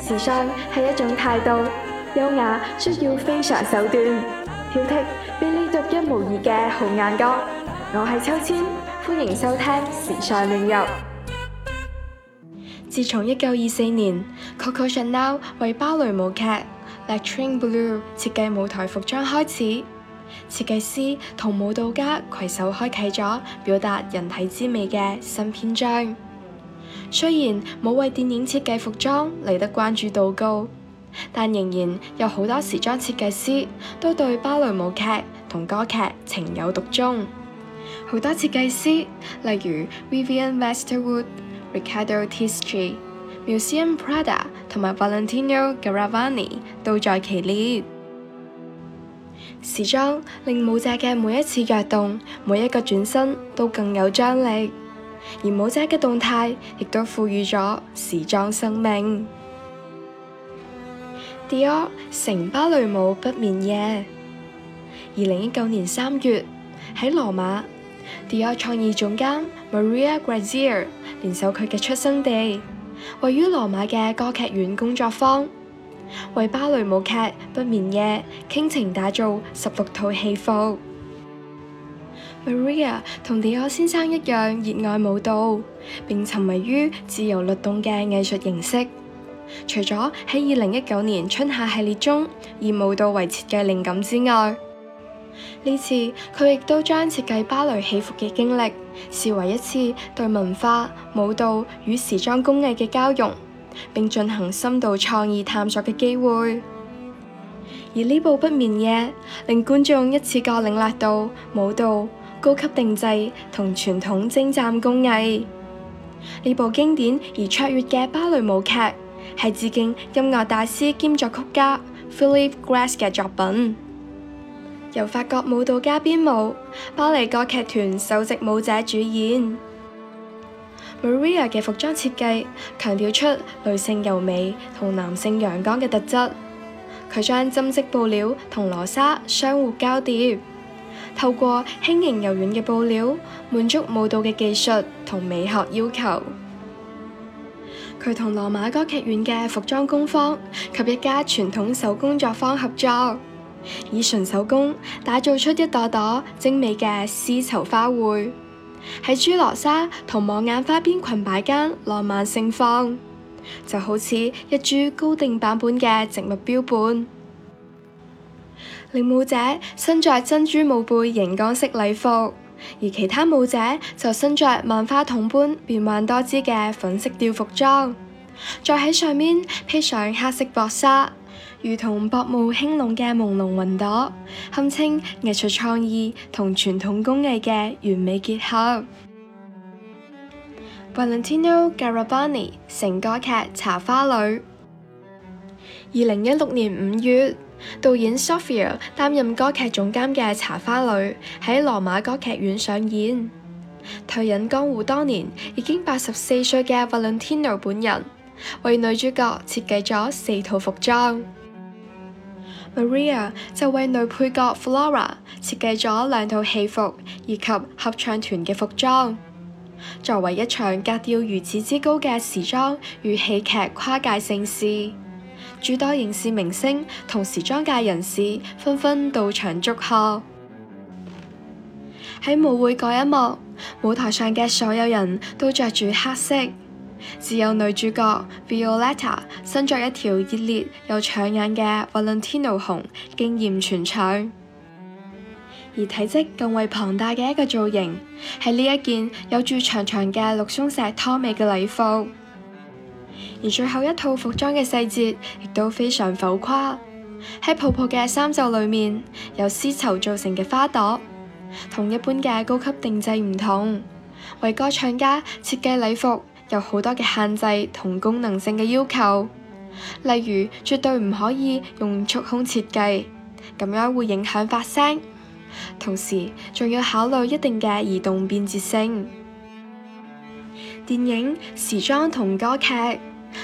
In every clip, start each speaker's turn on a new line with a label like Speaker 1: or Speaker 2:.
Speaker 1: 時尚係一種態度，優雅需要非常手段，挑剔俾你獨一無二嘅好眼光。我係秋千，歡迎收聽時尚煉油。自從一九二四年，Coco Chanel 為芭蕾舞劇《Le Train Bleu》設計舞台服裝開始，設計師同舞蹈家携手開啟咗表達人體之美嘅新篇章。雖然冇為電影設計服裝嚟得關注度高，但仍然有好多時裝設計師都對芭蕾舞劇同歌劇情有獨鍾。好多設計師，例如 Vivienne Westwood、Riccardo Tisci、Miuccia Prada 同埋 Valentino Garavani 都在其列。時裝令舞者嘅每一次躍動、每一個轉身都更有張力。而舞者嘅動態亦都賦予咗時裝生命。Dior 成芭蕾舞不眠夜。二零一九年三月，喺羅馬，Dior 創意總監 Maria Grazia 聯手佢嘅出生地，位於羅馬嘅歌劇院工作坊，為芭蕾舞劇《不眠夜》傾情打造十六套戲服。Maria 同 Dior 先生一樣熱愛舞蹈，並沉迷於自由律動嘅藝術形式。除咗喺二零一九年春夏系列中以舞蹈為設計靈感之外，呢次佢亦都將設計芭蕾戲服嘅經歷視為一次對文化、舞蹈與時裝工藝嘅交融，並進行深度創意探索嘅機會。而呢部不眠夜令觀眾一次過領略到舞蹈。高級定製同傳統精湛工藝，呢部經典而卓越嘅芭蕾舞劇係致敬音樂大師兼作曲家 Philip Glass 嘅作品，由法國舞蹈家編舞、巴黎歌劇團首席舞者主演。Maria 嘅服裝設計強調出女性柔美同男性陽剛嘅特質，佢將針織布料同羅紗相互交疊。透過輕盈柔軟嘅布料，滿足舞蹈嘅技術同美學要求。佢同羅馬歌劇院嘅服裝工坊及一家傳統手工作坊合作，以純手工打造出一朵朵精美嘅絲綢花卉，喺珠羅紗同網眼花邊裙擺間浪漫盛放，就好似一株高定版本嘅植物標本。領舞者身着珍珠舞背熒光色禮服，而其他舞者就身着萬花筒般變幻多姿嘅粉色吊服裝，再喺上面披上黑色薄紗，如同薄霧輕籠嘅朦朧雲朵，堪稱藝術創意同傳統工藝嘅完美結合。 Valentino Garavani，成歌劇《茶花女》。二零一六年五月，導演 Sophia 擔任歌劇總監嘅《茶花女》喺羅馬歌劇院上演。退隱江湖多年，已經八十四歲嘅 Valentino 本人為女主角設計咗四套服裝，Maria 就為女配角 Flora 設計咗兩套戲服以及合唱團嘅服裝。作為一場格調如此之高嘅時裝與戲劇跨界盛事。諸多影視明星同時裝界人士紛紛到場祝賀。喺舞會嗰一幕，舞台上嘅所有人都着住黑色，只有女主角 Violetta 身着一條熱烈又搶眼嘅 Valentino 紅，驚艷全場。而體積更為龐大嘅一個造型，係呢一件有住長長嘅綠松石拖尾嘅禮服。而最後一套服裝嘅細節亦都非常浮誇，喺泡泡嘅衫袖裏面有絲綢做成嘅花朵。同一般嘅高級定製唔同，為歌唱家設計禮服有好多嘅限制同功能性嘅要求，例如絕對唔可以用束胸設計，咁樣會影響發聲，同時仲要考慮一定嘅移動便捷性。電影、時裝同歌劇。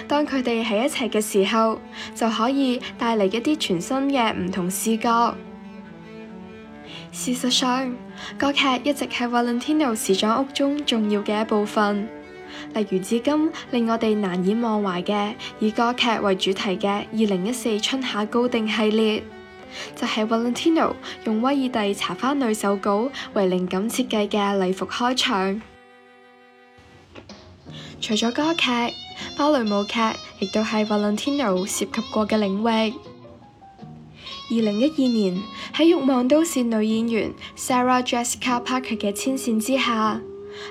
Speaker 1: 當佢哋喺一齊嘅時候，就可以帶嚟一啲全新嘅唔同視角。事實上，歌劇一直係 Valentino 時裝屋中重要嘅一部分。例如至今令我哋難以忘懷嘅以歌劇為主題嘅二零一四春夏高定系列，就係、是、Valentino 用威爾第《茶花女》手稿為靈感設計嘅禮服開場。除咗歌劇，芭蕾舞劇亦都係 Valentino 涉及過嘅領域。二零一二年喺欲望都市女演員 Sarah Jessica Parker 嘅牽線之下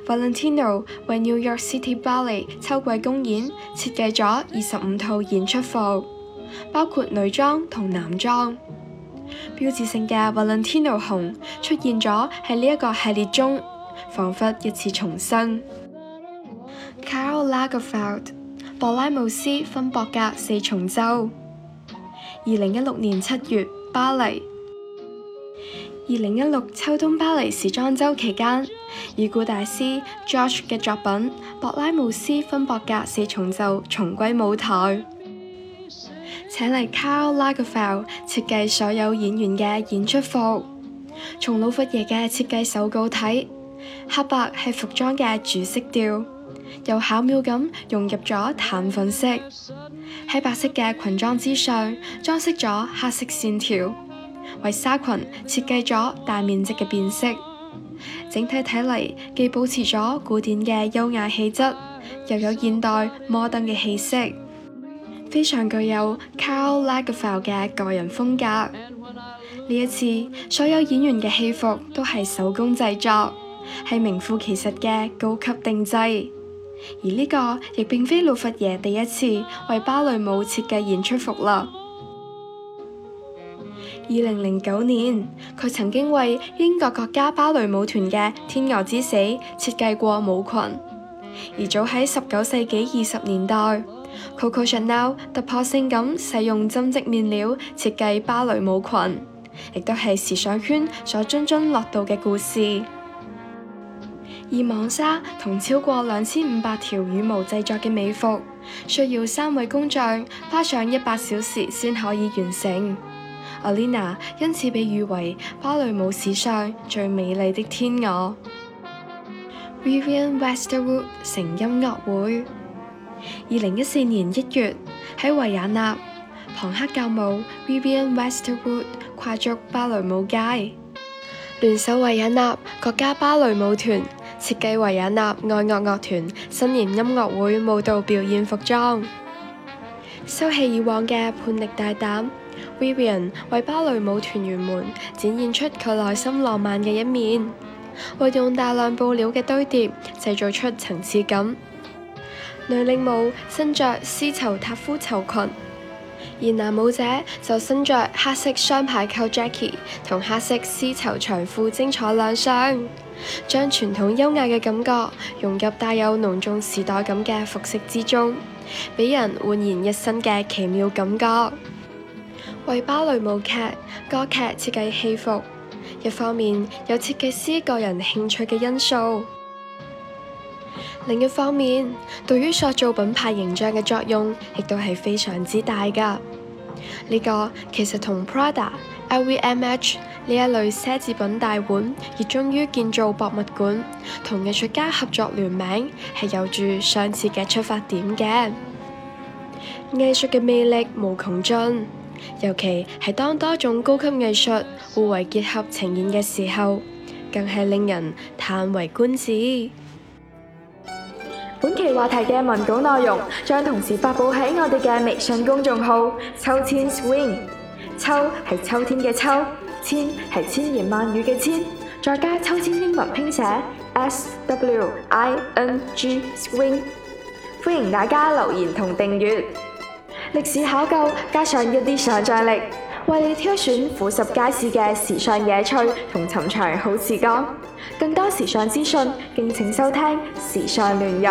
Speaker 1: ，Valentino 為 New York City Ballet 秋季公演設計咗二十五套演出服，包括女裝同男裝。標誌性嘅 Valentino 紅出現咗喺呢一個系列中，彷彿一次重生。Karl Lagerfeld，柏拉姆斯分伯格四重奏，二零一六年七月巴黎，二零一六秋冬巴黎時裝周期間，已故大師 George 嘅作品柏拉姆斯分伯格四重奏重歸舞台，請嚟 Karl Lagerfeld 設計所有演員嘅演出服。從老佛爺嘅設計手稿睇，黑白係服裝嘅主色調。又巧妙咁融入咗淡粉色，喺白色嘅裙裝之上裝飾咗黑色線條，為紗裙設計咗大面積嘅變色，整體睇嚟既保持咗古典嘅優雅氣質，又有現代摩登嘅氣息，非常具有 Karl Lagerfeld 嘅個人風格。呢一次所有演員嘅戲服都係手工製作，係名副其實嘅高級定製。而呢個亦並非老佛爺第一次為芭蕾舞設計演出服啦。二零零九年，佢曾經為英國國家芭蕾舞團嘅《天鵝之死》設計過舞裙。而早喺十九世紀二十年代，Coco Chanel 突破性咁使用針織面料設計芭蕾舞裙，亦都係時尚圈所津津樂道嘅故事。而網紗同超過兩千五百條羽毛製作嘅美服，需要三位工匠花上一百小時先可以完成。Alina 因此被譽為芭蕾舞史上最美麗的天鵝。Vivienne Westwood 成音樂會，二零一四年一月喺維也納，龐克教母 Vivienne Westwood 跨足芭蕾舞界，聯手維也納國家芭蕾舞團。設計維也納愛樂樂團新年音樂會舞蹈表演服裝，收起以往嘅叛逆大膽，Vivienne 為芭蕾舞團員們展現出佢內心浪漫嘅一面，運用大量布料嘅堆疊，製造出層次感。女領舞身着絲綢塔夫綢裙，而男舞者就身着黑色雙排扣 jacket 同黑色絲綢長褲，精彩亮相。將傳統優雅嘅感覺融入帶有濃重時代感嘅服飾之中，俾人煥然一新嘅奇妙感覺。為芭蕾舞劇、歌劇設計戲服，一方面有設計師個人興趣嘅因素，另一方面對於塑造品牌形象嘅作用亦都係非常之大㗎。呢個其實同 Prada、LVMH 呢一類奢侈品大腕熱衷於建造博物館，同藝術家合作聯名，係有住上次嘅出發點嘅。藝術嘅魅力無窮盡，尤其係當多種高級藝術互為結合呈現嘅時候，更係令人嘆為觀止。本期話題嘅文稿內容將同時發佈喺我哋嘅微信公眾號“秋千 swing”，秋係秋天嘅秋。千係千言萬語嘅千，再加秋千英文拼寫 S W I N G Swing。歡迎大家留言同訂閱。歷史考究加上一啲想像力，為你挑選俯拾皆是嘅時尚野趣同尋常好時光。更多時尚資訊，敬請收聽《時尚亂入》。